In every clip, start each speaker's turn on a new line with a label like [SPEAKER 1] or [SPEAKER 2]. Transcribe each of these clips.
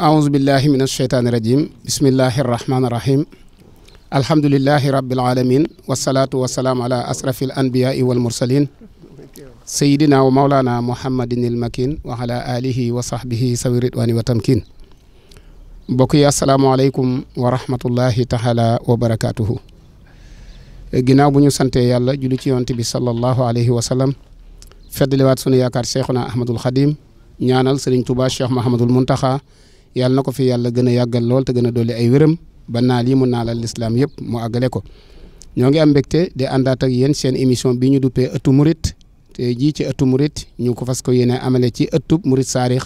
[SPEAKER 1] أعوذ بالله من الشيطان الرجيم بسم الله الرحمن الرحيم الحمد لله رب العالمين والصلاة والسلام على أشرف الأنبياء والمرسلين سيدنا ومولانا محمد المكين وعلى آله وصحبه سوي الرضوان والتمكين بقي السلام عليكم ورحمة الله تعالى وبركاته ginnaaw bu ñu sante yàlla julli ci yonte bi sallallahu alayhi wa sallam feddaliwaat sunu yaakaar cheikhuna ahmadul xadim ñaanal sëriñ tuba cheikh mahamadul muntaxa yàlla na ko fi yàlla gën a yàggal lool te gën a dolli ay wéram ba naal yi mu naalal lislaam yëpp mu àggale ko ñoo ngi am mbégte di àndaat ak yéen seen émission bi ñu duppee ëttu murit te jii ci ëttu murit ñu ko fas ko yéene amale ci ëttub murit saarix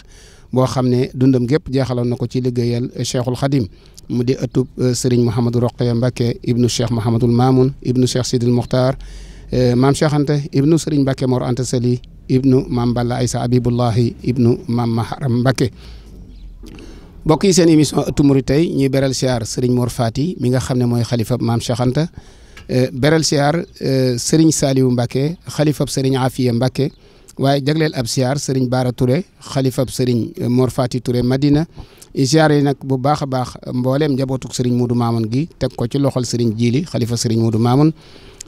[SPEAKER 1] boo xam ne dundam gépp jeexaloon na ko ci liggéeyal cheikhul xadim mu di ëttub euh, Serigne Mouhamadou Roqaya Mbacke ibnu cheikh Mouhamadul Mamoun ibnu cheikh Sidil Muxtaar euh, maam Cheikh Anta ibnu Serigne Mbacke Mor Anta Sali ibnu bokk yi seen émission ëttu tey ñuy beral siyaar sëriñ Mor Fati mi nga xam ne mooy xalifa maam Cheikh Anta eh, beral siyaar eh, sëriñ Saliou Mbacke xalifab sëriñ Afiya Mbacke waaye jagleel ab siyaar sëriñ Baara Touré xalifab sëriñ eh, Mor Fati Touré Madina siyaar yi nag bu baax a baax mbooleem njabootuk sëriñ Modou Mamoun gi teg ko ci loxol sëriñ Jili xalifa sëriñ Modou Mamoun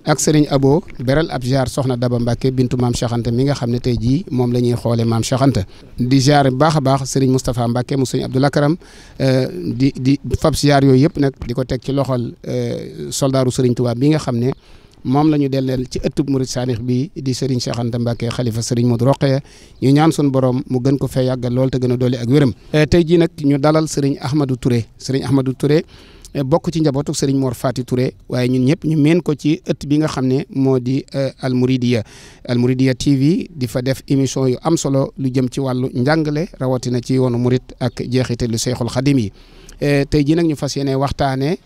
[SPEAKER 1] ak Serigne Abo beral ab jaar soxna Daba Mbacke bintu maam Cheikh Anta mi nga xam ne tey jii moom lañuy ñuy xoolee maam Cheikh Anta di jaar bu baax a baax Serigne Moustapha Mbacke mu Serigne Abdoul Karam euh, di di fab jaar yooyu yëpp nag di ko teg ci loxol euh, soldaaru Serigne Touba bi nga xam ne. moom la ñu delleel ci ëttub murid bi di Serigne Cheikh Anta Mbacke xalifa Serigne Modou Rokhaya ñu ñaan sun borom mu gën ko fee yàggal lool te gën a doole ak wéram. Euh, tey jii nag ñu dalal Serigne Ahmadou Touré Serigne Ahmadou Touré. Eh, bokk ci njabootu Serigne moor Fati Touré waaye ñun ñëpp ñu meen ko ci ëtt bi nga xam ne moo di eh, Al Mouridiyyah Al Mouridiyyah TV di fa def émission yu am solo lu jëm ci wàllu njàngale rawatina ci yoonu murit ak jeexite lu Seexul Xadim yi eh, tey jii ñu fas yéene waxtaanee.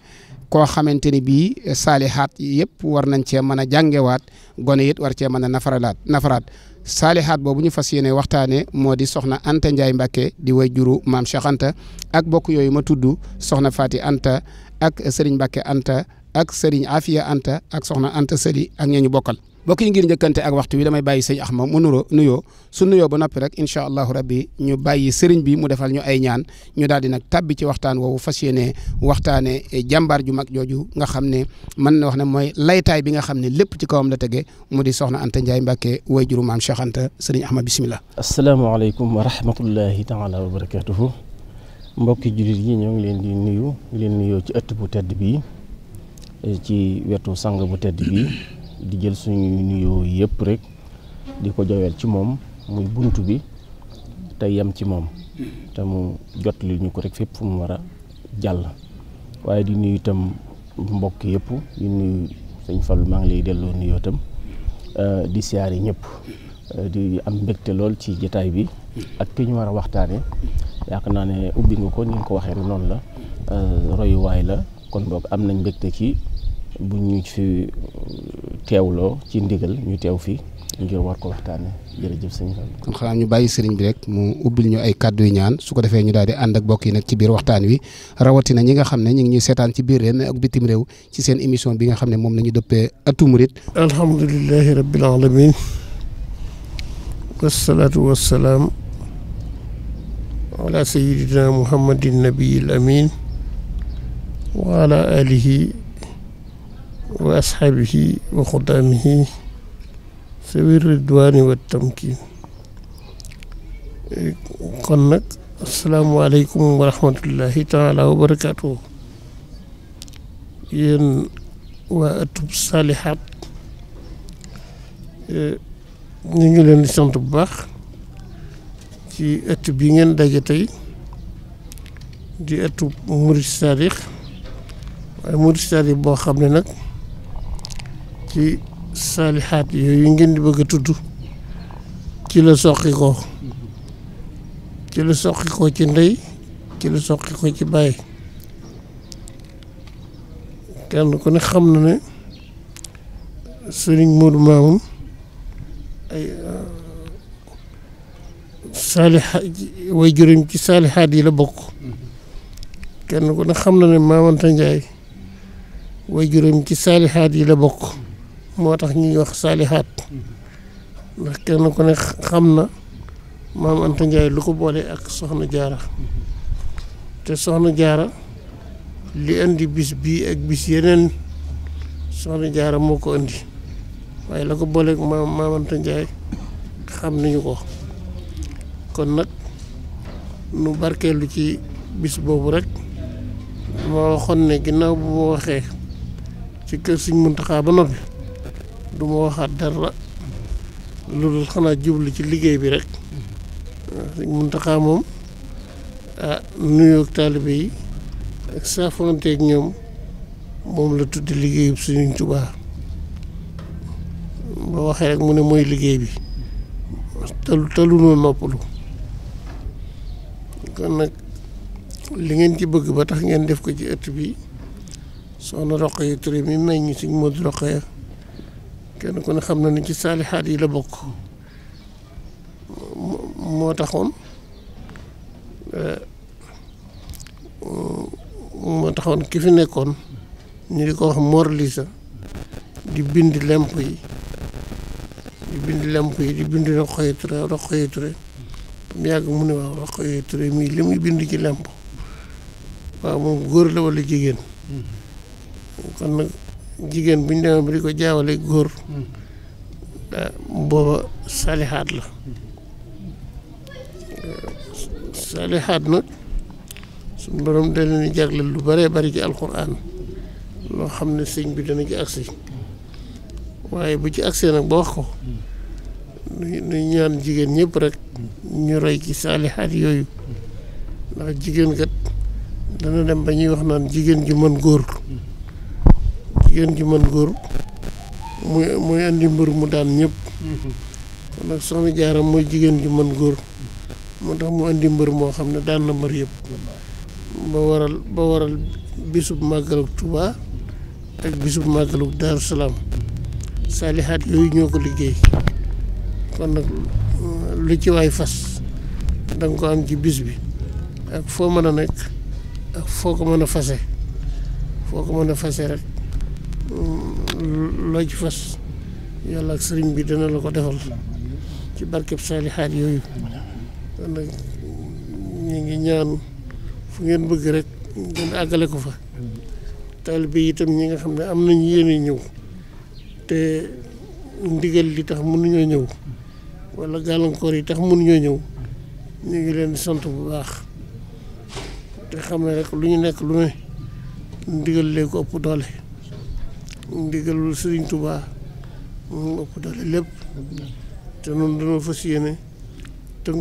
[SPEAKER 1] koo xamante ni bii eh, saalihaat yëpp war nañ cee mën a jàngewaat gone it war cee mën a nafaralaat nafaraat saalihaat boobu ñu fas yéene waxtaanee moo di soxna Anta Ndiaye Mbacke di way juru maam Cheikh ak bokk yooyu ma tudd soxna faati Anta ak Serigne Mbacke Anta ak Serigne Afia Anta ak soxna Anta Sali ak ña bokkal. mbokk yi ngir njëkkante ak waxtu wi damay bàyyi sëñ ma mu nuroo nuyoo su nuyoo ba noppi rek incha allahu rabbi ñu bàyyi sëriñ bi mu defal ñu ay ñaan ñu daal di nag tàbbi ci waxtaan woowu fas yéene waxtaane eh, jàmbaar ju mag jooju nga xam ne mën na wax ne mooy laytaay bi nga xam ne lépp ci kawam la tege mu di soxna Anta Ndiaye Mbacke way juru maam
[SPEAKER 2] Cheikh Anta sëriñ Axma bisimilah. asalaamaaleykum wa rahmatullahi taala wa barakatuhu mbokki jullit yi ñoo ngi leen di nuyu leen nuyoo ci ëtt bu tedd bi eh, ci wetu sang bu tedd bi di jël suñu nuyoo yëpp rek di ko joyal ci moom muy bunt bi te yem ci moom te mu jot li ñu ko rek fépp fu mu war a jàll waaye di nuyu itam mbokk yëpp di nuyu sëñ Fall maa ngi lay delloo nuyoo itam euh, di siyaare ñëpp euh, di am mbégte lool ci jataay bi ak ki ñu war a waxtaane yaakaar naa ne ubbi nga ko ni nga ko waxee noonu la euh, royuwaay la kon boog am nañ mbégte ci bu ñu fi teewloo ci ndigal ñu teew fii ngir war ko waxtaane jërëjëf sëñ Fallou
[SPEAKER 1] kon ñu bàyyi sëriñ bi rek mu ubbil ñu ay kàddu yu ñaan su ko defee ñu daal di ànd ak bokk yi nag ci biir waxtaan wi rawatina ñi nga xam ne ñu ngi ñuy seetaan ci biir réew mi ak bitim réew ci seen émission
[SPEAKER 3] bi nga xam ne moom la ñu dëppee Atu Murid alhamdulilahi rabbil alamin wasalaatu wasalaam ala sayidina muhammadin nabiyil amin wa wa asxaabihi wa xudaamihi sawi ridwaani wa tamkiin kon nag asalaamualeykum wa rahmatullahi taala wa barakaatu yéen waa atub saalihaat ñu ngi leen di sant bu baax ci ëtt bi ngeen daje tey di ëttu murid saadix waaye murid saadix boo xam ne nag ci saalihaat yooyu ngeen di bëgg a tudd ci la soqi ko ci la soqi ko ci ndey ci la soqi ko ci baay kenn ku ne xam na ne sëriñ Modou Mamoun ay euh, saaliha way juróom ci saalihaat yi la bokk kenn ku ne xam na ne Maamanta Njaay way juróom ci saalihaat yi la bokk moo tax ñuy wax saalihaat ndax kenn ku ne xam na maam Anta lu ko boole ak soxna jaara te soxna jaara li indi bis bii ak bis yeneen soxna jaara moo ko indi waaye la ko booleeg maam maam Anta Ndiaye xam nañu ko kon nag nu barkeelu ci bis boobu rek ma xon ne ginnaaw bu waxee ci kër suñ Muntaxa ba noppi du ma waxaat dara loolu xanaa jublu ci liggéey bi rek sëñ Muntaxa moom ah nuyoog taalibe yi ak saafonteeg ñoom moom la tuddi liggéey suñu Tuubaa ba waxee rek mu ne mooy liggéey bi talu talunoo noppalu kon nag li ngeen ci bëgg ba tax ngeen def ko ci ëtt bi soxna roq yi Touré mi may ñu suñ Modou Roqaya kenn ku xam na ni ci saalixaat yi la bokk moo taxoon eh, moo taxoon ki fi nekkoon ñu di ko wax Mor Lisa di bind lemp yi di bind lemp yi di bind Roqaya Touré Roqaya Touré mu yàgg mu ne waaw Roqaya Touré mii li muy bind ci lemp waaw moom góor la walla jigéen
[SPEAKER 4] mm-hmm.
[SPEAKER 3] kon jigéen bu ñu demee bu di ko jaawale góor booba salihaat la salihaat nag suñu borom da leen jagle lu bëree bëri ci alxuraan loo xam ne sëñ bi dana ci agsi waaye bu ci agsee nag ba wax ko nu ñaan jigéen ñëpp rek ñu roy ci saalihaat yooyu ndax jigéen kat dana dem ba ñuy wax naan jigéen ju mën góor jigéen ji man góor muy muy andi mbër mu daan ñëpp mhm. kon nag soxna Jaara mooy jigéen ji man góor moo tax mu andi mbër moo xam ne daan na mbër yëpp ba waral ba waral bisub màggalug Tuuba ak bisub màggalug Daaru saalihaat yooyu ñoo ko liggéey kon nag euh, lu ci waay fas da nga ko am ci bis bi ak foo mën a nekk ak foo ko mën a fase foo ko mën a fase rek loo ci fas yàlla ak sëriñ bi dana la ko defal ci barkeb saalihaat yooyu kon ñu ngi ñaan fu ngeen bëgg rek ngeen àggale ko fa taalibe yi itam ñi nga xam ne am nañ yéene ñëw te ndigal li tax mënuñoo ñëw wala gàllankoor yi tax mënuñoo ñëw ñu ngi leen sant bu baax te xam ne rek lu ñu nekk lu ne ndigal lee ko ëpp doole ndigalul Serigne Touba mu ëpp doole lépp te noonu dañoo fas yéene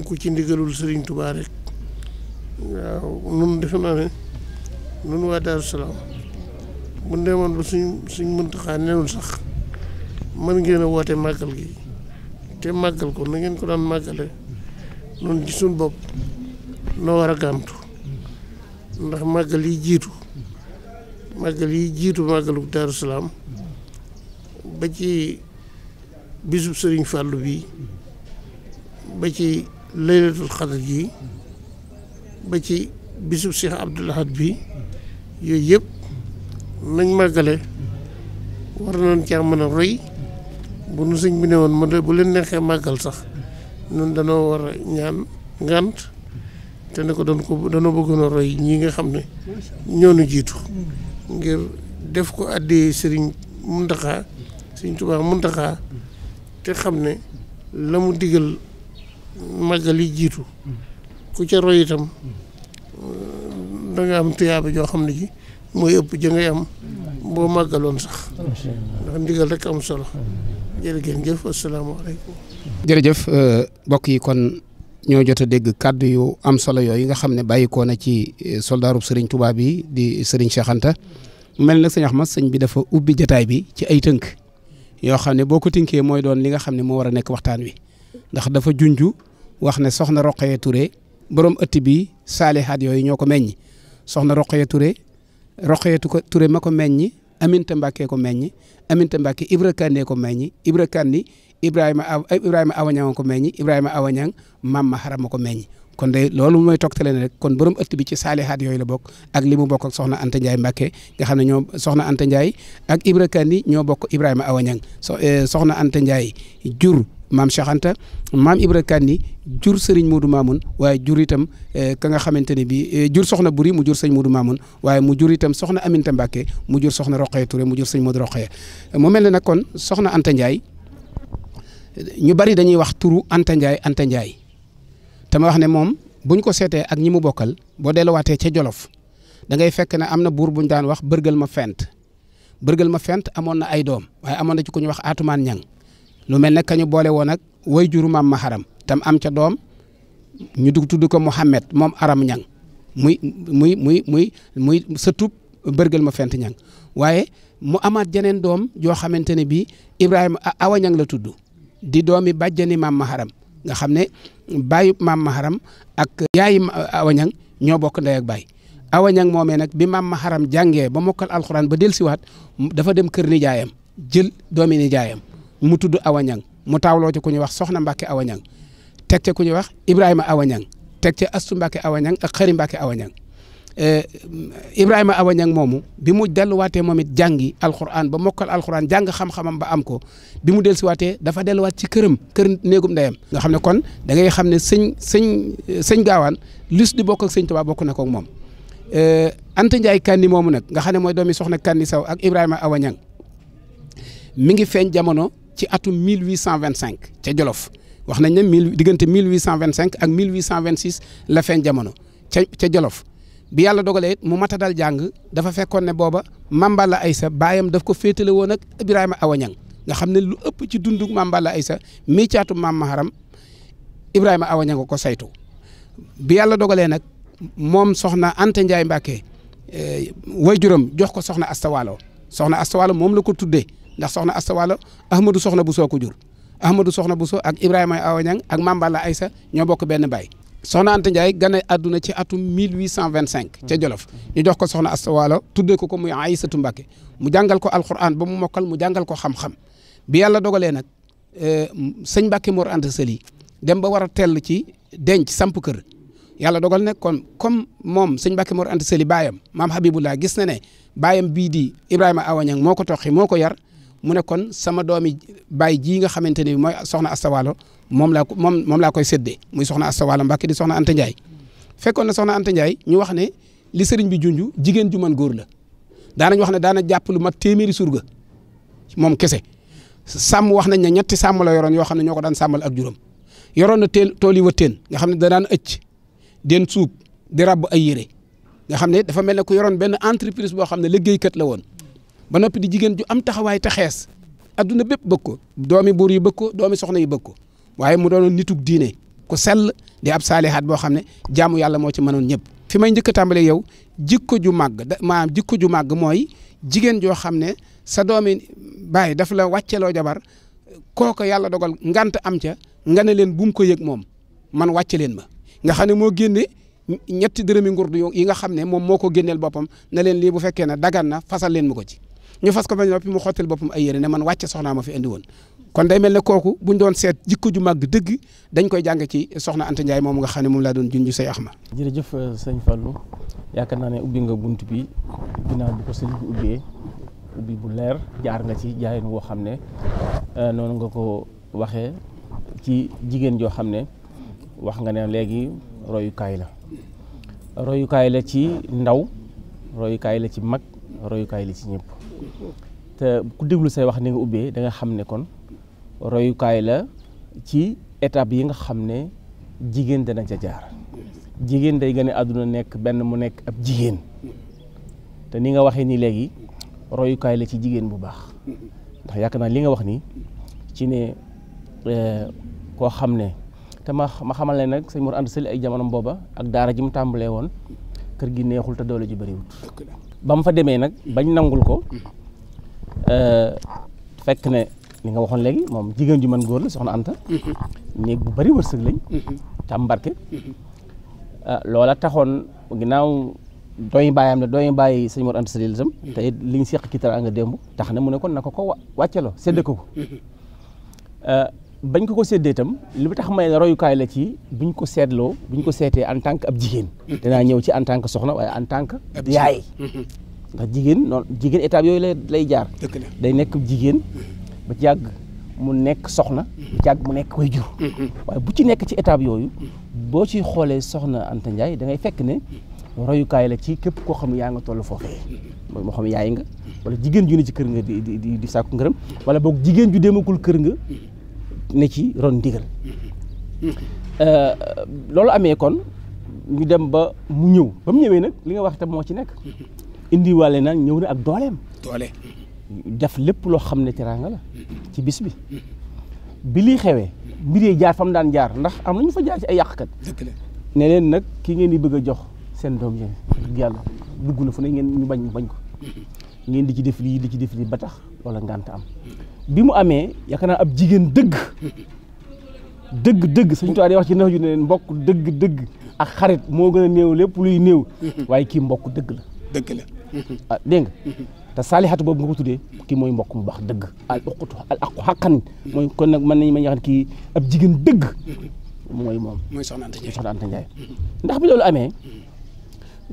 [SPEAKER 3] ko ci ndigalul Serigne Touba rek waaw nun defe naa ne nun waa Daaru Salaam bu suñ suñ Muntaxa newul sax mën ngeen a woote màggal gi te màggal ko na ngeen ko daan màggale noonu ci suñ bopp noo war a gàntu ndax màggal yi jiitu màggal yi jiitu màggalu Daaru Salaam ba ci bisub sëriñ fàllu bi ba ci laylatul xadar ji ba ci bisub Cheikh Abdoul bi yooyu yëpp nañ màggale war nañ caa mën a roy bu nu sëñ bi ne woon ma bu leen neexee màggal sax ñun danoo war a ñaan ngant te ne ko doon ko danoo bëggoon a roy ñi nga xam ne ñoo nu jiitu ngir def ko àddee sëriñ Muntaxa sëriñ Tuubaa Muntaxa te xam ne la mu digal màggal yi jiitu ku ca roy itam euh, da nga am tuyaaba joo xam ne ji mooy ëpp ja ngay am boo màggaloon sax ndax ndigal rek am solo jërë ngeen jëf asalaamaaleykum
[SPEAKER 1] jërëjëf euh, mbokk yi kon ñoo jot a dégg kàddu yu am solo yooyu nga xam ne bàyyikoo na ci eh, soldaarub sëriñ Tuubaa yi di sëriñ Cheikh Anta mel nag sëñ ma sëñ bi dafa ubbi jataay bi ci ay tënk yoo xam ne boo ko tënkee mooy doon li nga xam ne moo war a nekk waxtaan wi ndax dafa junju wax ne soxna Roqaya Touré borom ëtt bi saalihaat yooyu ñoo ko meññ soxna Roqaya Touré Roqaya Touré ma ko meññi Aminta Mbàkke ko meññ Aminta Mbàkke Ibra Kane ko meññ Ibra Kane Ibrahima eh, Ibrahima Awañang ko meññi Ibrahima Awañang maam ma xarama ko meññi kon de loolu mooy toogtale ne rek kon borom ëtt bi ci saalihaat yooyu la bokk ak li mu bokk ak soxna Anta Ndiaye Mbacke nga xam ne ñoo soxna Anta Ndiaye ñoo bokk Ibrahima Awañang so eh, soxna Anta Ndiaye jur maam Cheikh maam Ibra Kani jur Serigne Modou Mamoun waaye jur itam eh, ka nga xamante ne bii jur soxna Buri mu jur sëñ Modou Mamoun waaye mu jur itam soxna Aminta Mbacke mu jur soxna Roqaya Touré mu jur sëñ Modou Roqaya mu mel ne nag kon soxna Anta Ndiaye ñu bari dañuy wax turu Anta Ndiaye Anta Ndiaye te wax ne moom buñ ko seetee ak ñi mu bokkal boo delluwaatee ca Jolof da ngay fekk ne am na buur buñ daan wax bërgal ma fent bërgal ma fent amoon na ay doom waaye amoon na ci ku ñu wax aatumaan Ñang lu mel ne ka boole woon ak way juru maam ma xaram tam am ca doom ñu dugg tudd ko Mouhamed moom aram Ñang muy muy muy muy muy sa tub bërgal ma fent Ñang waaye mu amaat jeneen doom joo xamante ne bii Ibrahima awa Ñang la tudd. di doomi bàjjani maam maharam nga xam ne baayub maam maharam ak yaayi awañang ñoo bokk ndey ak baay awañang moomee nag bi maam maharam jàngee ba mokkal alxuraan ba dellusiwaat dafa dem kër nijaayam jël doomi nijaayam mu tudd awañang mu taawloo ci ku ñuy wax soxna Mbacke awañang teg ca ku ñuy wax Ibrahima awañang teg ce astu Mbacke awañang ak xëri Mbacke awañang Eh, Ibrahima Awa moomu bi mu delluwaatee moom it jàngi alxuraan ba mokkal alxuraan jàng xam-xamam ba am ko bi mu dellusiwaatee dafa delluwaat ci këram kër néegum ndeyam nga xam ne kon da ngay xam ne sëñ sëñ sëñ gaawaan lus di bokk ak sëñ Tuubaa bokk na koog moom. Eh, Anta Ndiaye Kandi moomu nag nga xam ne mooy doomi soxna Kandi Saw ak Ibrahima Awa Niang ngi feeñ jamono ci atum 1825 ca Jolof wax nañ ne mille diggante 1825 ak 1826 la feeñ jamono ca ca Jolof. bi yàlla dogalee mu mata dal jàng dafa fekkoon ne booba Mamballa Aysa baayam daf ko féetale woon ak Ibrahima Awañang nga xam ne lu ëpp ci dundug Mamballa Aysa mii caatu maam Maharam Ibrahima Awañang ko saytu bi yàlla dogalee nag moom soxna Anta Ndiaye way eh, waajuram jox ko soxna Astawaalo soxna Astawaalo moom la ko tuddee ndax soxna Astawaalo Ahmadou soxna bu soo ko jur Ahmadou soxna bu soo ak Ibrahima Awañang ak Mamballa Aysa ñoo bokk benn baay soxna Anta Ndiaye gane àdduna ci atum 1825 ca Jolof ñu jox ko soxna Asta Waalo tuddee ko ko muy Aysatu Mbàkke mu jàngal ko alxuraan ba mu mokkal mu jàngal ko xam-xam bi yàlla dogalee nag eh, sëñ Mbàkke Mor Anta Sali dem ba war a tell ci denc samp kër yàlla dogal ne kon comme moom sëñ Mbàkke Mor Anta Sali baayam maam Habibullah gis na ne baayam bii di Ibrahima Awañang moo ko toxi moo ko yar mu ne kon sama doomi baay ji nga xamante ne bi mooy soxna Asta Waalo moom laa ko moom moom laa koy séddee muy soxna Asta Wala Mbacke di soxna Anta Ndiaye fekkoon na soxna Anta Ndiaye ñu wax ne li sëriñ bi junj jigéen ju man góor la daanañ wax ne daana jàpp lu mat téeméeri surga moom kese sàmm wax nañ ne ñetti sàmm la yoroon yoo xam ne ñoo ko daan sàmmal ak juróom yoroon na teel tool yi wëtteen nga xam ne da daan ëcc den suub di rabb ay yére nga xam ne dafa mel ne ku yoroon benn entreprise boo xam ne liggéeykat la woon ba noppi di jigéen ju am taxawaay te xees adduna bépp bëgg ko doomi buur yi bëgg doomi soxna yi bëgg ko waaye mu doonoon nitug diine ku sell di ab saalihaat boo xam ne jaamu yàlla moo ci mënoon ñëpp fi may njëkk a tàmbalee yow jikko ju màgg da maanaam jikko ju màgg mooy jigéen joo xam ne sa doomi baay daf la wàcceloo jabar kooka yàlla dogal ngant am ca nga ne leen bu mu ko yëg moom man wàcce leen ma nga xam ne moo génne ñetti dërëmi ngurdu yi nga xam ne moom moo ko génneel boppam na leen lii bu fekkee ne dagan na fasal leen ma ko ci ñu fas ko ba noppi mu xottil boppam ay yére ne man wàcce soxnaa ma kon day mel ne kooku buñ doon seet jikko ju màgg dëgg dañ koy jàng ci soxna Anta Ndiaye moom nga xam ne moom laa doon junj say axma.
[SPEAKER 2] jërëjëf euh, sëñ Fallou yaakaar naa ne ubbi nga bunt bi ginnaaw bi ko sëñ bi ubbee ubbi bu leer jaar nga ci jaayin woo xam ne euh, noonu nga ko waxee ci jigéen joo xam ne wax nga ne léegi royukaay la royukaay la ci ndaw royukaay la ci mag royukaay la ci ñëpp te ku déglu say wax ni nga ubbee da nga xam ne kon. royukaay la ci étape yi nga xam ne jigéen dana ca jaar jigéen day gën a àdduna nekk benn mu nekk ab jigéen te ni nga waxee ni léegi royukaay la ci jigéen bu baax ndax yaakaar naa li nga wax nii ci ne eh, koo xam ne te ma ma xamal ne nag sëñ Mor ànd sëli ay jamono booba ak daara ji mu tàmbalee woon kër gi neexul te doole ji bëriwut ba mu fa demee nag bañ nangul ko eh, fekk ne li nga waxoon léegi moom jigéen ju mën góor la soxna Anta. Mm-hmm. néeg bu bari wërsëg lañ. tam mm-hmm. mbarke. Mm-hmm. Ah, loola taxoon ginnaaw doy bàyyam la doy bàyyi sëñ Mor Anta Sali la tam. te it liñ seq ci teraanga démb tax na mu ne kon na ko ko wàcceloo séddee ko ko. Ah, bañ ko ko séddee itam li tax may royukaay la ci buñ ko seetloo buñ ko seetee en tant que ab jigéen. danaa ñëw ci en tant que soxna waaye en tant que. yaay. jigéen noonu jigéen étape yooyu lay lay jaar. day nekk jigéen. ba ci yàgg mu nekk soxna. ba ci mu nekk koy jur. waaye bu ci nekk ci étape yooyu. boo ci xoolee soxna Anta Ndiaye da ngay fekk ne royukaay la ci képp koo xam ne yaa nga toll foo mooy moo xam yaay nga. wala jigéen ju ne ci kër nga di di di sàkku ngërëm. wala boog jigéen ju demagul kër nga. ne ci ron ndigal. Euh, loolu amee kon ñu dem ba mu ñëw ba mu ñëwee nag li nga wax itam moo ci nekk. indiwaale naan ñëw ne ak dooleem. doole. def lépp loo xam ne teraanga la ci bis bi bi lii xewee mbir yi jaar fam daan jaar ndax am na fa jaar ci ay yàqkat ne leen nag ki ngeen di bëgg a jox seen yàlla dugg na fu ne ngeen ñu bañ bañ ko ngeen di ci def lii di ci def lii ba tax wala ngànt am bi mu amee yaakaar ab jigéen dëgg dëgg dëgg suñu tubaab di wax ci nax ju ne leen mbokk dëgg dëgg ak xarit moo gën a néew lépp luy néew waaye kii dëgg la dëgg la ah nga te saalihatu boobu nga ko tuddee kii mooy mbokk mu baax dëgg al uqutu al aqu xaqan mooy kon nag mën nañ ma ñaxan kii ab jigéen dëgg mooy moom mooy soxna Anta Ndiaye ndax bi loolu amee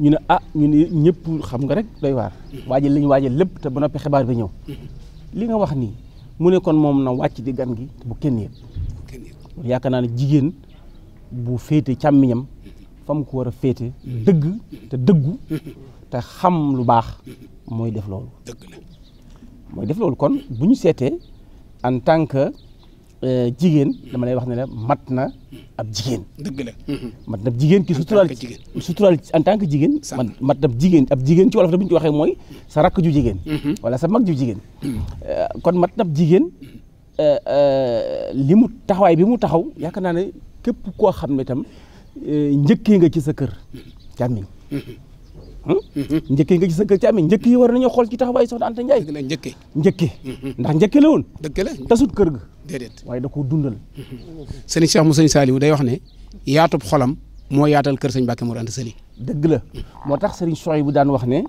[SPEAKER 2] ñu ne ah ñu ne ñëpp xam nga rek doy waar waajal lañ waajal lépp te ba noppi xibaar bi ñëw li nga wax nii mu ne moom na wàcc di gan gi bu kenn yëg yaakaar naa ne jigéen bu féete càmmiñam fam ko war a féete mm-hmm. dëgg te dëggu mm-hmm. te xam lu baax mooy def loolu. dëgg la kon bu ñu seetee en tant que euh, jigéen dama lay wax ne la mat na ab jigéen. dëgg la mat na ab jigéen ki suturaal suturaal en tant que jigéen. mat na ab jigéen ab jigéen ci wolof waxee mooy sa rakk ju jigéen. Mhm. wala sa mag ju jigéen. Mhm. Euh, kon mat na ab jigéen euh, li mu taxawaay bi mu taxaw yaakaar naa ne képp koo xam ne tam njëkkee nga ci sa kër. jàmmiñ. njëkk nga gis sa kër Thiamé njëkk yi war nañoo xool ci taxawaayu Soxna Anta Ndiaye. dëgg la njëkk njëkk ndax njëkk la woon. dëgg la tasut kër ga. waaye da koo dundal. sëñ Cheikh mu sëñ Saliou day wax ne yaatub xolam moo yaatal kër sëñ moo Mor Anta Sali. dëgg la moo tax sëriñ Soy bu daan wax ne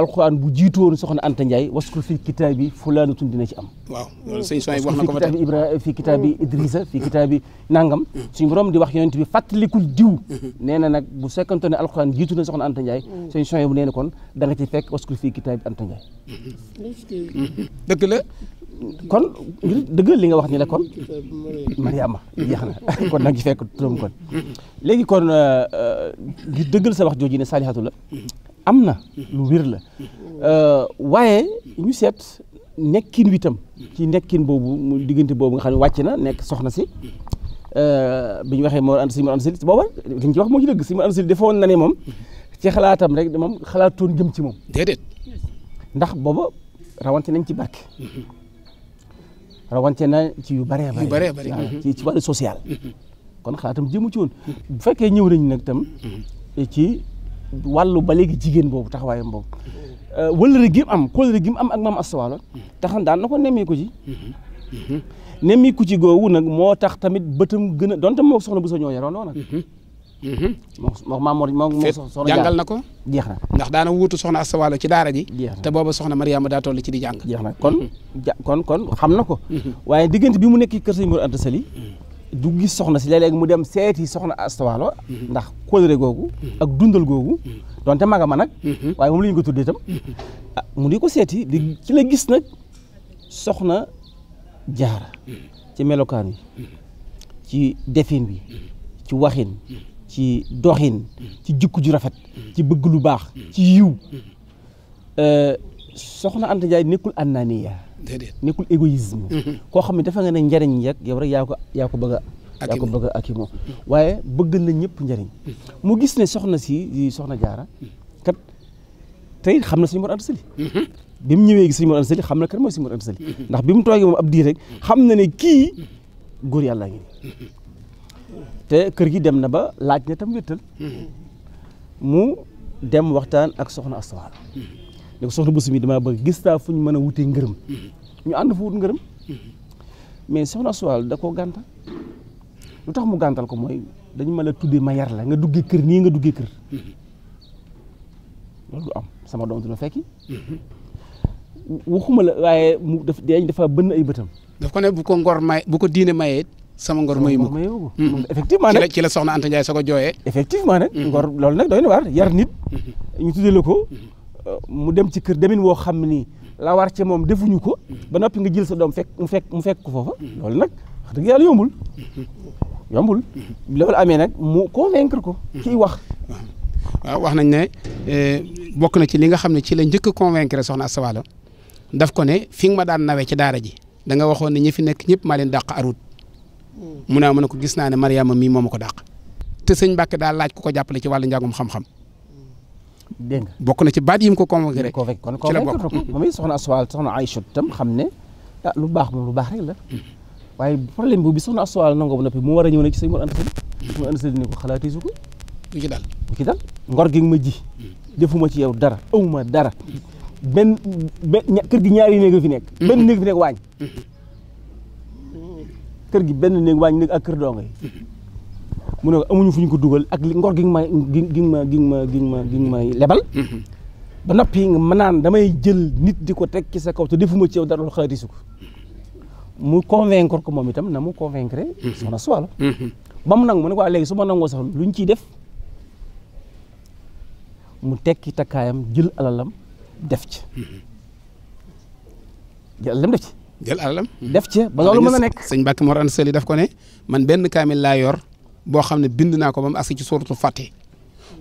[SPEAKER 2] alxuraan bu jiituwoon soxna Anta Ndiaye waskul fii kitaab bi fulaanatun dina ci am.
[SPEAKER 4] waaw loolu sëñ Sow wax na ko ba tey
[SPEAKER 2] fii kitaab bi Ibrahima fii kitaab bi bi Nangam. suñu borom di wax yonent bi fàttalikul diw. nee na nag bu fekkonte ne alxuraan jiitu na soxna Anta Ndiaye. sëñ bu nee na kon da nga ci fekk waskul fii kitaab bi Anta Ndiaye. dëgg la. kon li nga wax ni la kon Mariama jeex na kon nag ci fekk turam kon léegi kon euh, euh, ngir sa wax jooju ne saalihatu la am na lu wér la euh, waaye ñu seet nekkin wi tam ci nekkin boobu mu diggante boobu nga xam ne wàcc na nekk soxna si euh, bi ñu waxee moo ànd si moo ànd si booba li ñu ci wax si moo ànd si defoon na ne moom ci xalaatam rek moom xalaatoon jëm ci moom déedéet ndax booba rawante nañ ci barke rawante na ci yu bëree bëri ci ci wàllu social kon xalaatam jëmu ci woon bu fekkee ñëw nañ nag tam ci wàllu ba léegi jigéen boobu taxawaayam waaye euh, wëllëre gi mu am kóllëre gi mu am ak maam Asta Waalo taxan na ko nemmeeku ci nemmeeku ci googu nag moo tax tamit bëtam gën a donte moo soxna bu sa ñoo yaroondoo nag moo maam Mor moo soxna na ko jeex na
[SPEAKER 1] ndax daana wuutu soxna Asta ci daara ji te booba soxna Mariama daa toll ci di jàng jeex
[SPEAKER 2] na kon kon kon xam na ko mm-hmm. waaye diggante bi mu nekk kër sëñ Mor Anta Sali du gis soxna si léeg mu dem seeti soxna Asta Walo ndax kóllëre googu ak dundal googu donte maga ma nag waaye moom la ñu ko tuddee itam ah mu di ko seeti di ci la gis nag soxna jaar ci melokaan wi ci defin bi ci waxin ci doxin ci jukk ju rafet ci bëgg lu baax ci yiw soxna Anta Ndiaye nekkul ànnaaniya nekkul égoïsme mhm. koo xam ne dafa nga ne njariñ yeg yow rek yaa ko yaa a ak moom mhm. waaye bëgg na ñëpp njariñ mhm. mu gis ne soxna si soxna jaara kat tey xam na suñu mor anta sali bi mu ñëwee gis suñu na kat mooy ndax bi mu tooge moom ab rek xam na ne kii góor yàlla ngi te kër gi dem na ba laaj ne tam wéttal mu dem waxtaan ak soxna astuwaal da ko soxna bés mi damaa bëgg gis taa fu ñu mën a wutee ngërëm mm-hmm. ñu ànd fa wut mm-hmm. mais soxna suwaal da koo gàntal lu tax mu gàntal ko mooy dañu mën a tuddee ma la nga duggee kër nii nga duggee kër mm-hmm. loolu du am sama doom du la fekki waxuma la waaye mu daf dañ dafa bënn ay bëtam daf ko ne bu ko ngor may bu ko diine mayee sama ngor mayu ma ko effectivement nag la soxna Anta Ndiaye soo ko jooyee effectivement ngor loolu nag doy na waar yar nit ñu tuddee la ko mu dem ci kër demin woo xam ni la war ci moom defuñu ko ba noppi nga jël sa doom fekk mu fekk mu fekk ko foofa loolu nag wax dëgg yàlla yombul yombul loolu amee nag mu convaincre ko kiy wax waaw wax nañ
[SPEAKER 1] ne eh, bokk na ci li nga xam ne ci la njëkk convaincre soxna Asta Walo daf ko ne fi nga ma daan nawee ci daara ji da nga waxoon ne ñi fi nekk ñëpp maa leen dàq arut mun ne ah ma ne ko gis naa ne Mariama mii moo ma ko dàq te sëñ Mbàkke daal laaj ko ko jàppale ci wàllu njàngum xam
[SPEAKER 2] dégg nga bokk na ci baat yi mu ko convoqué rek. kon convoqué ko moom it soxna Asuwaal soxna Aïcha tam xam ne ah lu baax moom lu baax rek la. waaye problème boobu bi soxna Asuwaal nangoo ba noppi mu war a ñëw nag ci sëñ Mor Anta Sali. mu Anta Sali ni ko xalaatee su ko. bu ci dal bu ci dal ngor gi nga ma ji. defuma ci yow dara awuma dara. benn benn kër gi ñaari néeg fi nekk. benn néeg fi nekk waañ. Mm-hmm. kër gi benn néeg waañ nekk ak kër dongo yi mu ne amuñu fu ñu ko dugal ak li ngor gi gi gi ma gi ma gi ma gi may lebal mm-hmm. ba noppi ma naan damay jël nit di ko tekki sa kaw te defuma ci yow dara xaarisu ko ko moom itam na mu convaincre mm-hmm. soxna suwalo mm-hmm. ba mu nangu ne ko léegi su ma nangoo sax lu ñu ciy def mu tekki takkaayam jël alalam def ci
[SPEAKER 1] jël alalam def ci jël alalam def ci ba loolu mën a nekk sëñ Mbacke Mor Anta Sali daf ko ne man benn kaamil laa yor boo xam ne bind naa ko ba mu agsi ci suuratu Faatiha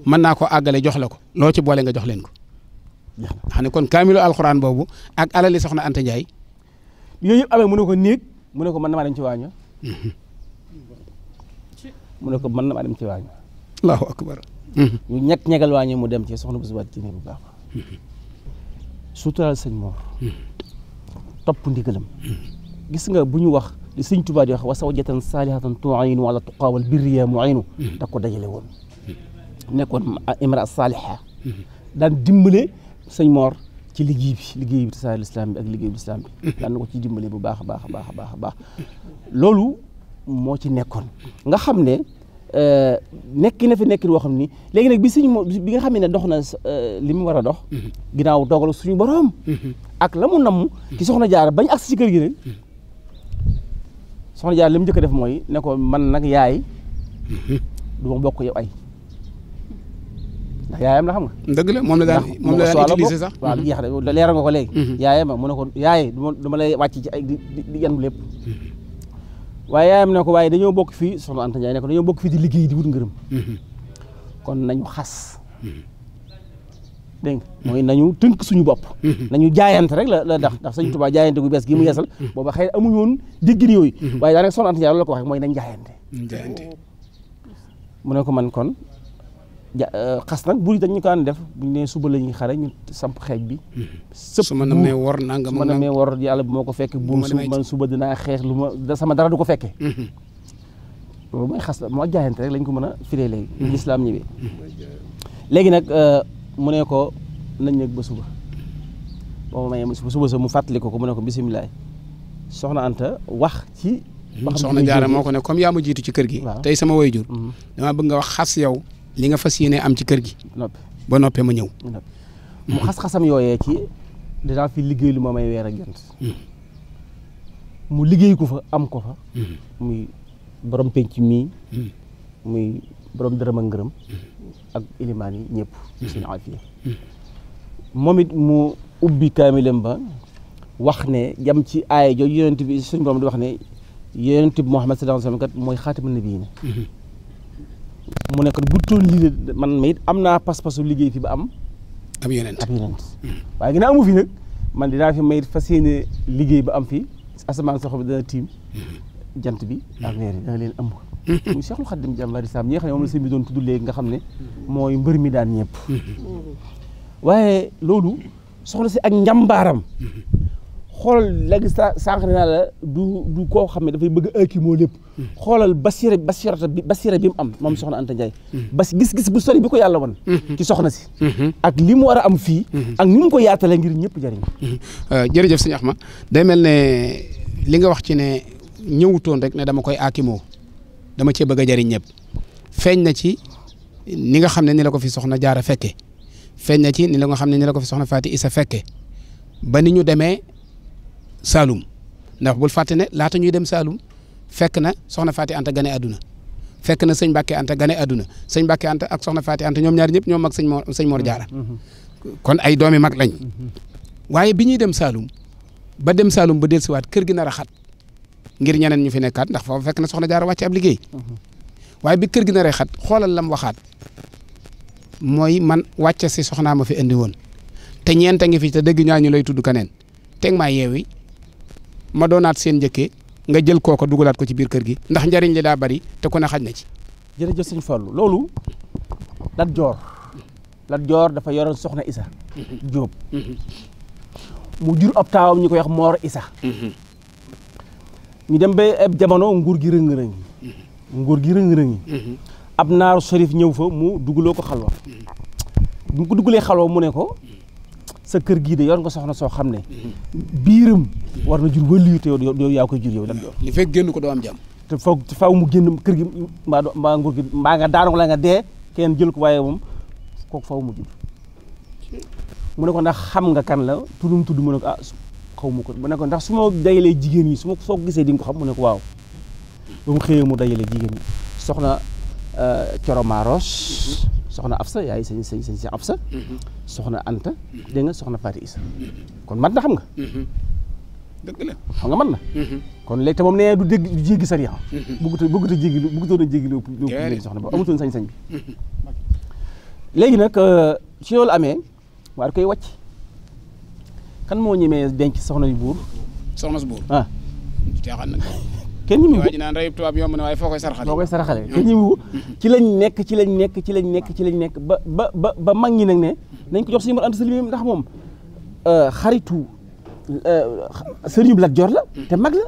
[SPEAKER 1] mën naa ko àggale jox la ko loo ci boole nga jox leen ko. xam ne kon kaamilu alxuraan boobu ak alali soxna Anta
[SPEAKER 2] Ndiaye. yooyu yëpp amee mu ne ko néeg mu ne ko mën na maa dem ci waañu. Mhm. mu ne ko mën na maa dem ci waañu. allahu akbar. Mhm. ñu ñett mu dem ci soxna bu subaat ci ne bu baax. Mhm. topp ndigalam. gis nga bu ñu wax. li sëñ Tuubaa di wax wa sawjatan saalihatan tu'inu ala tuqaa wal birri ya mu'inu hmm. da ko dajale woon hmm. nekkoon imra saaliha hmm. daan dimbale sëñ Moor ci liggéey bi liggéey bi tasaare lislaam bi ak liggéey bi lislaam bi ko ci dimbale bu baax a a baax baax a baax loolu moo ci nekkoon nga xam ne eh, nekki na fi nekkin woo xam ni léegi nag bi sëñ Moor bi nga xam ne dox na eh, li mu war a dox ginnaaw dogal suñu boroom ak la mu namm ki soxna jaara bañ ak ci kër gi nag soxna jaar li mu njëkk def mooy ne ko man nag yaay mhm. du ma bokk yow ay ndax yaayam la xam nga dëgg la moom la daan moom la daan utiliser sax waaw mhm. jeex na leeral nga ko léegi mhm. yaayam ne ko yaay du ma du ma lay wàcc ci ay di yan lépp waaye yaayam ne ko waaye dañoo bokk fii soxna Anta Ndiaye ne ko dañoo bokk fii di liggéey di wut ngërëm kon nañu xas dégg nga mooy nañu tënk suñu bopp nañu jaayante rek la la ndax ndax sëñ Tuubaa jaayante gu bees gi mu yeesal mm-hmm. booba xëy amuñu woon déggin yooyu mm-hmm. waaye daanaka soxna Anta Ndiaye la ko waxee jaayante mu ne ko man kon ja euh, xas nag buri dañu ko daan def buñ na suba la ñuy xare ñu samp xeej bi mm-hmm. sëpp ma namee wor nanga su ma namee wor yàlla bu moo ko fekkee bu su man suba dinaa xeex lu ma sama dara du ko fekkee loolu mooy xas moo jaayante rek lañ ko mën a firee léegi nag euh, mu ne ko nañ nekk ba suba boo ma mayee ba suba sa mu fàttali ko ko mu ne ko bisimilah soxna Anta wax ci. Hmm, soxna Jaara moo ko ne comme yaa ma jiitu
[SPEAKER 1] ci kër gi. tey sama waajur. Hmm. damaa bëgg nga wax xas yow. li nga fas yéene am ci kër gi.
[SPEAKER 2] ba noppee ma ñëw. mu xas-xasam yooyee ci dinaa fi liggéey lu ma may weer ak jant. Hmm. mu liggéey ko fa am ko fa. muy borom penc mii. muy borom dërëm ak ngërëm. ak ilimaan yi ñëpp mhm. Mhm. moom it mu ubbi kaamilam ba wax ne jam ci aaya jooju yonent bi suñu borom di wax ne yonent bi Muhammad mooy xaatimu mhm. mu nekk bu toon lii man ma it am naa pas-pasu liggéey fi ba am ab yonent ab yonent waaye gën amu fi nag man dinaa fi may fas yéene liggéey ba am fi asamaan soxo bi dana tiim jant bi hmm. ak weer yi dana leen ëmb hmm. muy Cheikhul Khadim jàmbaari saam ñi nga xam ne moom la bi doon tudd léegi nga xam ne hmm. mooy mbër mi daan ñëpp waaye loolu soxla si ak njàmbaaram xoolal léegi sànq naa la du du koo xam ne dafay bëgg aki moo xoolal basira basirata bi bi mu am moom soxna Anta gis-gis bu sori bi li mu war a am fii ak ni mu ko yaatalee uh,
[SPEAKER 1] day mel ne li nga wax ci ne toon rek ne dama koy aakimoo dama cee bëgg a jëriñ ñëpp feeñ na ci ni nga xam ne ni la ko fi soxna jaara fekke feeñ na ci ni la nga xam ne ni la ko fi soxna Faati Isa fekke ba ni ñu demee Saalum ndax bul fàtte ne laata ñuy dem Saalum fekk na soxna Faati Anta gane àdduna fekk na sëñ Mbàkke Anta gane àdduna sëñ Mbàkke Anta ak soxna Faati Anta ñoom ñaar ñëpp ñoom mag sëñ Mor sëñ Mor Jaara kon ay doomi mag lañ waaye bi ñuy dem Saalum ba dem Saalum ba dellusiwaat kër gi nar a xat ngir ñeneen ñu fi nekkaat ndax foofu fekk na soxna a wàcce ab liggéey waaye bi kër gi na naree xat xoolal lam waxaat mooy man wàcce si soxnaa ma fi indi woon te ñeenta ngi fi te dëgg ñaa ñu lay tudd keneen teg maa yeewi ma doonaat seen njëkke nga jël kooko dugalaat ko ci biir kër gi ndax njariñ li daa bari
[SPEAKER 2] te ku ne xaj na ci jërëjëf sëñ Fallu loolu Lat Joor Lat Joor dafa yoroon soxna Isa Jóob mm-hmm. mu jur ab taawam ñu koy wax Moor Isa mm-hmm. ñu dem ba ab jamono nguur gi rëng-rëng nguur gi rëng-rëng ab naaru Cherif ñëw fa mu dugaloo ko xalwa bu mu ko dugalee xalwa mu ne ko sa kër gii de yor nga soxna soo xam ne biiram war na jur wëliyu te yow yaa koy jur yow dem li fekk génn ko doo am te foog faaw mu génn kër gi mbaa mbaa gi mbaa nga daanu la nga dee kenn jël ko waaye moom kooku faaw mu jur mu ne ko ndax xam nga kan la tuddum tudd mu ne ko ah, xaw ma ko mu ne ko su ma dajalee jigéen yi su soo gisee ko xam mu ko waaw ba xëyee mu dajale jigéen yi soxna euh, Coro Maroche soxna Afsa yaay sañ sañ sañ si Afsa soxna Anta dégg nga soxna Faati Isa kon mat na xam nga xam nga mën na kon léegi te moom nee du dégg du jéggi sariya bëggutoon bëggutoon jéggi bëggutoon a jéggi loo loo soxna ba amutoon sañ-sañ bi léegi nag euh, ci loolu amee war koy wacc kan moo ñemee denc soxna yu buur. soxna su buur ah. jaaxal na kenn ñi mu waa ji naan rayub tubaab yomb na waaye foo koy saraxale foo koy saraxale ci lañ nekk ci lañ nekk ci lañ nekk ci lañ nekk ba ba ba ba mag ñi nag ne nañ ko jox suñu mor ànd ndax moom euh, xaritu euh, sëriñu Lat Joor la mm. te mag la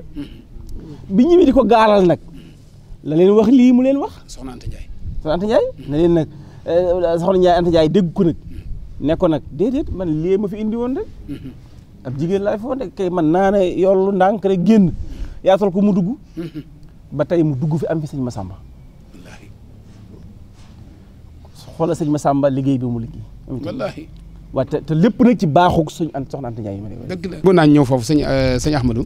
[SPEAKER 2] bi ñëwee di ko gaaral nag la leen wax lii mu leen wax soxna Anta Ndiaye soxna Anta na leen nag euh, soxna Ndiaye Anta Ndiaye dégg ko nag ne ko nag déedéet man lii fi indi woon rek ab jigéen laay foo nekk kay man naa ne yoolu ndànk rek génn yaatal ko mu dugg ba tey mu dugg fi am fi sëñ Massamba xoolal sëñ Massamba liggéey bi mu liggéey wallaahi waaw te lépp nag ci baaxug suñ an soxna Anta Ndiaye dëgg la bëggoon naa
[SPEAKER 1] ñëw foofu sëñ euh, sëñ Ahmadou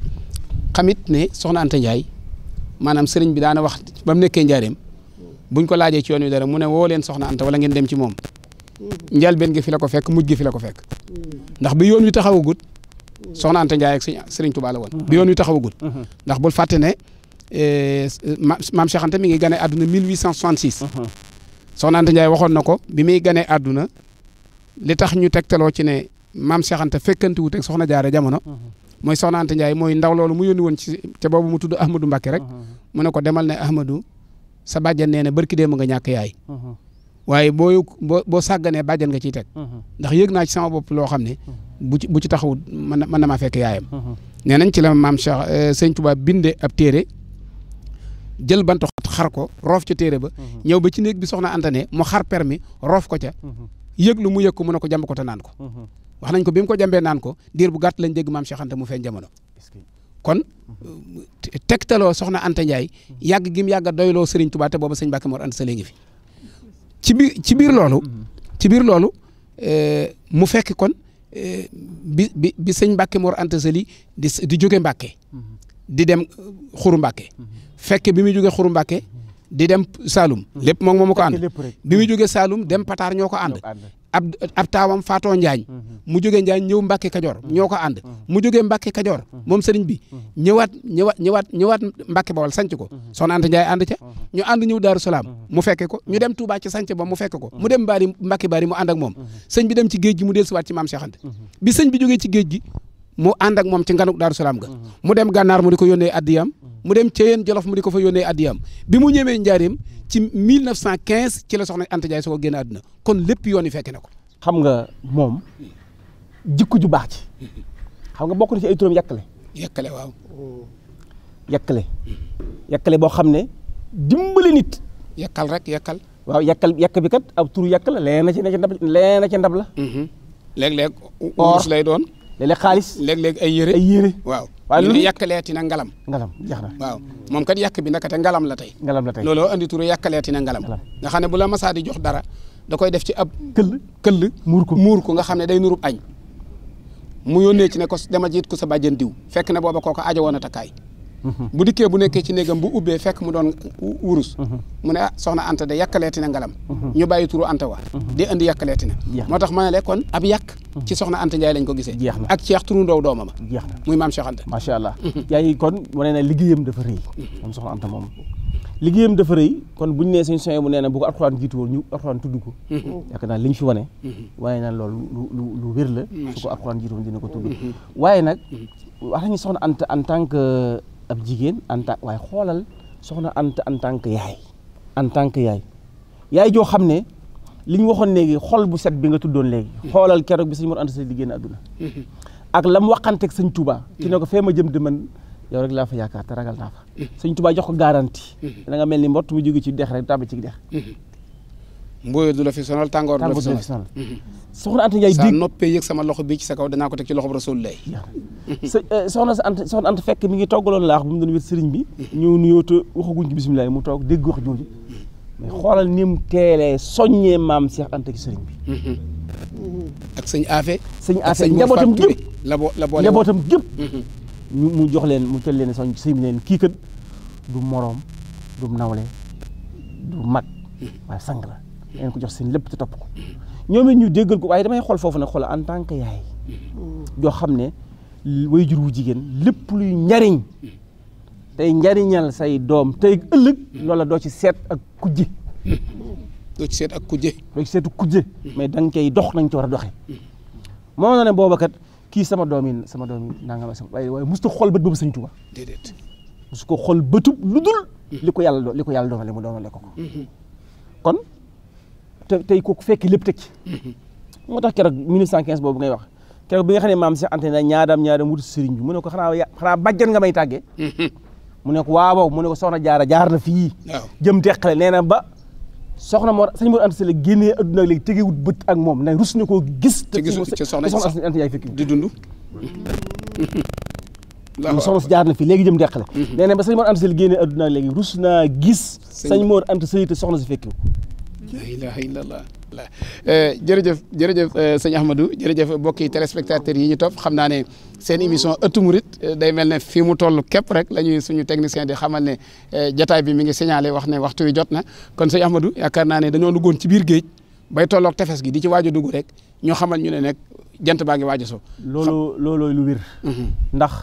[SPEAKER 1] xamit ne soxna Anta Ndiaye maanaam sëriñ bi daana wax bam mu nekkee njaareem buñ ko laajee ci yoon wi dara mu ne woo leen soxna Anta wala ngeen dem ci moom mm. njëlbeen gi fi la ko fekk muj gi fi la ko fekk mm. ndax bi yoon wi taxawagut soxna Anta Ndiaye ak Serigne Touba la woon. bi yoon wi taxawagul. Mhm. Mhm. ndax bul fàtte ne eh, maam Cheikh Anta mi ngi gane àdduna 1866. Mhm. soxna Anta Ndiaye waxoon na ko bi muy gane àdduna li tax ñu teg teloo ci ne maam Cheikh Anta fekkanti wut soxna jaare jamono. mooy soxna Anta Ndiaye mooy ndaw loolu mu yónni woon ci ca boobu mu tudd Ahmadou Mbacke rek. mu ne ko demal ne Ahmadou sa bàjjen nee na barki démb nga ñàkk yaay. waaye boo boo boo sàgganee bàjjan nga ciy teg. Mm-hmm. ndax yëg naa ci sama bopp loo xam ne. Mm-hmm. bu ci bu ci taxawut mën na mën na maa fekk yaayam. Mm-hmm. nee nañ ci la maam Cheikh euh, sëñ Touba binde ab téere jël bant xar ko roof ca téere ba. ñëw ba ci néeg bi soxna Anta ne mu xar permi roof ko ca. yëg lu mu yëg ko mu ne ko jàmb ko te naan ko. wax nañ ko bi mu ko jàmbee naan ko diir bu gàtt lañ dégg maam Cheikh Anta mu fee jamono. kon tegtaloo soxna Anta Ndiaye yàgg gi mu yàgg a doyloo Serigne Touba te booba sëñ Mbacke Mor Anta Sali ngi fi. ci biir ci biir loolu. Mm-hmm. ci biir loolu euh, mu fekk kon euh, bi bi bi sëñ Mbacke Mor Anta Sali di di jóge Mbacke. Mm-hmm. di dem euh, Xuru Mbacke. Mm-hmm. fekk bi mu jóge Xuru Mbacke. di dem Saalum. lépp moom moo ko ànd bi muy jóge Saalum dem Pataar ñoo ko ànd. ab ab taawam faatoo Njaañ mhm. mu jóge Njaañ ñëw Mbacke Kajoor mhm. ñoo ko ànd mhm. mu jóge Mbacke Kajoor moom sëriñ bi ñëwaat ñëwaat ñëwaat ñëwaat Mbacke Bawol sanc ko soxna Anta Ndiaye ànd ca ñu ànd ñëw Daaru Salaam mu fekke ko ñu dem Touba ci sanc ba mu fekke ko mu dem Bari Mbacke Bari mu ànd ak moom sëñ bi dem ci géej gi mu dellusiwaat ci maam Cheikh Anta bi sëñ bi jógee ci géej gi mu ànd ak moom ci nganuk Daaru Salaam ga mu dem gànnaar mu di ko yónnee addiyam mu dem Ceyeen Jolof mu di ko fa yónnee addiyam bi mu ñëwee njaareem ci 1915 ci la soxna Anta Ndiaye soo ko génn àdduna kon lépp yoon yi fekk ko.
[SPEAKER 2] xam nga moom jikko ju baax ci xam nga bokk na ci ay turam yàkkale. yàkkale waaw. yàkkale boo xam ne dimbali nit. yàkkal rek yàkkal. waaw yàkkal yàkk bi kat ab turu yàkk la lee na ci na ci ndab lee na la. Mm-hmm. léeg-léeg. or lay doon. léeg-léeg xaalis léeg-léeg yére ay waaw
[SPEAKER 1] waaye lu yàkkaleeti na ngalam
[SPEAKER 2] ngalam jeex na
[SPEAKER 1] waaw moom kat yàkk bi nakate ngalam la tey ngalam la tey looloo andi turu yàkkaleeti na ngalam nga xam ne bu la masaa di jox dara da koy def ci ab këll këll muur ko muur ko nga xam ne day nurub añ mu yónnee ci ne ko dama jiit ko sa bàjjen diw fekk na booba kooko ajo woon a takkaay bu dikkee bu nekkee ci néegam bu ubbee fekk mu doon wurus mu ne ah soxna Anta de yàkkaleeti na ngalam ñu bàyyi turu Anta wa di andi yàkkaleeti na moo tax ma ne kon ak ceex turu ndaw dooma ma jeex na muy maam Cheikh
[SPEAKER 2] Anta macha allah mhm. yaa ngi kon mu ne liggéeyam dafa rëy moom soxna Anta moom liggéeyam dafa rëy kon buñu nee suñu soye bu nee na bu ko alxuraan jiitu woon ñu alxuraan tudd ko mhm. yaakaar naa li fi wane mhm. waaye nag loolu lu lu la su ko alxuraan jiitu woon dina ko tudd waaye nag wax nañu soxna Anta en tant ab jigéen en tant waaye xoolal soxna Anta en tant que yaay en tant yaay yaay joo xam ne li ñu waxoon léegi xol bu set bi nga tuddoon léegi xoolal keroog bi sëñ Mor Anta Sali di génn àdduna ak lam waxanteeg sëñ tubaa ci ne ko fee ma jëm di man yow rek laa fa yaakaar te ragal naa fa sëñ tubaa jox ko garantie da nga mel ni mbott mu jóge ci dex rek tàbbi ci dex
[SPEAKER 1] mbooyo du sonal tàngoor du la fi sonal
[SPEAKER 2] soxna Anta Ndiaye sa sama loxo bii ci sa kaw danaa ko teg ci loxo bi rasulullah eh, soxna sa ant soxna ant fekk mi ngi toggaloon laax bu mu doon wér sëriñ bi ñëw nuyoo te waxaguñ ci bisimilah mu toog dégg wax jooju mais xoolal ni mu teelee soññee maam Cheikh Anta ci sëriñ bi ak sëñ Afe sëñ Afe njabootam gépp la boole njabootam gépp mhm. mu jox leen mu tël leen soñ sëriñ bi leen kii kat du moroom du nawle du mag waaye sang dañ ko jox seen lépp te topp ko ñoom ñu déggal ko waaye damay xool foofu nag xool en tant que yaay joo xam ne way jur wu jigéen lépp luy njariñ tey njariñal say doom tey ëllëg loola doo ci seet ak kujje doo ci seet ak kujje doo ci seet ak kujje mais da nga koy dox nañ ci war a doxe moo na ne booba kat kii sama doom yi sama doom yi nangama sama waaye waaye musta xool bët boobu sëñ Tuubaa déedéet musu ko xool bëtub lu dul li ko yàlla do li ko yàlla doomale mu doomale ko ko mm-hmm. te tey kooku fekk lépp tëj moo tax keroog 1915 boobu ngay wax keroog bi nga xam ne maam Cheikh Anta na ñaadam ñaadam wutu sëriñ bi mu ne ko xanaa ya xanaa bàjjan nga may tàggee mu ne ko waaw mu ne ko soxna jaara jaar na fii jëm teqale nee na ba soxna moo sëñ Mor Anta Sali génnee adduna léegi tegewut bët ak moom ndax rus na koo gis te soxna soxna Anta yaay di dund soxna jaar na fii léegi jëm deqale nee na ba sëñ Mor Anta Sali génnee adduna léegi rus naa gis sëñ Mor Anta Sali te si fekkiwu
[SPEAKER 1] la ilaha illallah
[SPEAKER 2] eh, jërëjëf
[SPEAKER 1] jërëjëf eh, sëñ Ahmadou jërëjëf mbokki téléspectateurs yi ñu topp xam naa ne seen émission ëttu murit eh, day mel ne fii mu toll képp rek la ñuy suñu technicien di xamal ne jataay bi mi ngi signalé wax ne waxtu wi jot na kon sëñ Ahmadou yaakaar naa ne dañoo duggoon ci biir géej bay tolloog tefes gi di ci waaj a dugg rek
[SPEAKER 2] ñoo xamal ñu ne nag jant baa ngi waaj a so. loolu loolooy lu wér. Mhm. ndax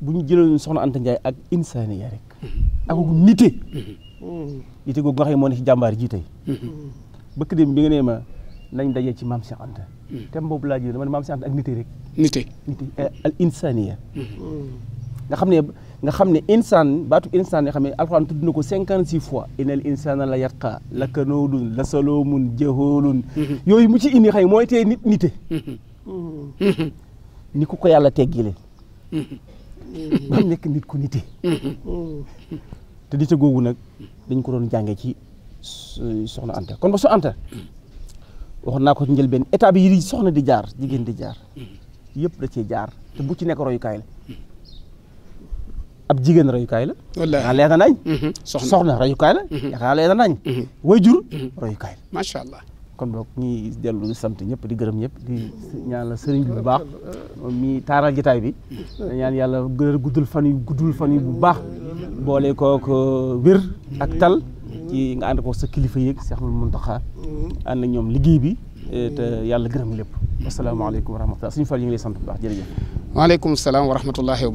[SPEAKER 2] bu ñu jëloon soxna Anta Ndiaye ak insaaniya rek. Mhm. ak mhm. yitte googu nga xam ne moo ne ci jàmbaar ji tey mm-hmm. bëkk dem bi nga nee ma nañ daje ci maam Cheikh Anta mm-hmm. te boobu laa ji dama ne maam Cheikh Anta ak nite rek nite nite eh, al insaniya
[SPEAKER 3] mm-hmm.
[SPEAKER 2] nga xam ne nga xam ne insaan baatu insaan yoo xam ne alxuraan tudd ko cinquante six fois inal la yàqa la kanoodun la saloomun yooyu mu ci indi xëy mooy tee nit nite ni ku ko yàlla teggile ba mu nekk nit ku nite te di sa googu nag dañ ko doon jàngee ci soxna Anta kon ba so Anta waxoon naa ko ci njëlbeen état bi yi soxna di jaar jigéen di jaar yëpp da cee jaar te bu ci nekk royukaay la ab jigéen royukaay la. wallaahi yaakaar leer na nañ. Mhm. soxna soxna royukaay la. Mhm. yaakaar leer na mhm. royukaay macha allah. kon boog ñuy dellu di sant ñëpp di gërëm ñëpp di ñaan la sëriñ bu baax mi taaral jataay bi ñaan yàlla gën fan yu guddul fan yu bu baax boole kook euh, wér ak tal ci nga ànd ko sa kilifa yeeg Cheikh Mountakha ànd na ñoom liggéey bi te euh, yàlla gërëm lépp asalaamaaleykum wa rahmatulah suñu fal wa
[SPEAKER 1] rahmatullahi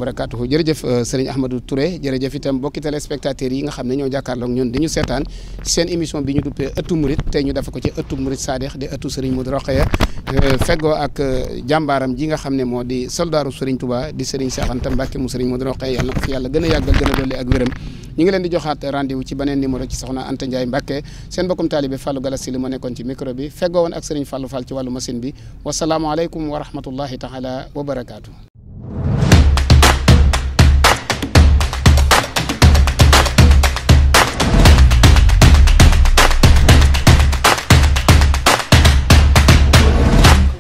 [SPEAKER 1] jërëjëf euh, sëriñ Ahmadou Touré jërëjëf itam mbokki téléspectateurs yi nga xam ne ñoo jàkkaarloog ñun di ñu seetaan seen émission bi ñu duppee ëttu murit tey ñu dafa ko ci ëttu murit Saadix di ëttu sëriñ Modou Rokhaya euh, feggoo ak jàmbaaram ji nga xam ne moo di soldaaru sëriñ Touba di sëriñ Cheikh Anta mu sëriñ Modou Rokhaya yàlla na ko fi gën a yàggal gën a dolli ak wéram ñu ngi leen di joxaat sëñ Fallou Fall ci wàllu machine bi wasalaamualeykum wa rahmatullahi taala wa barakaatu.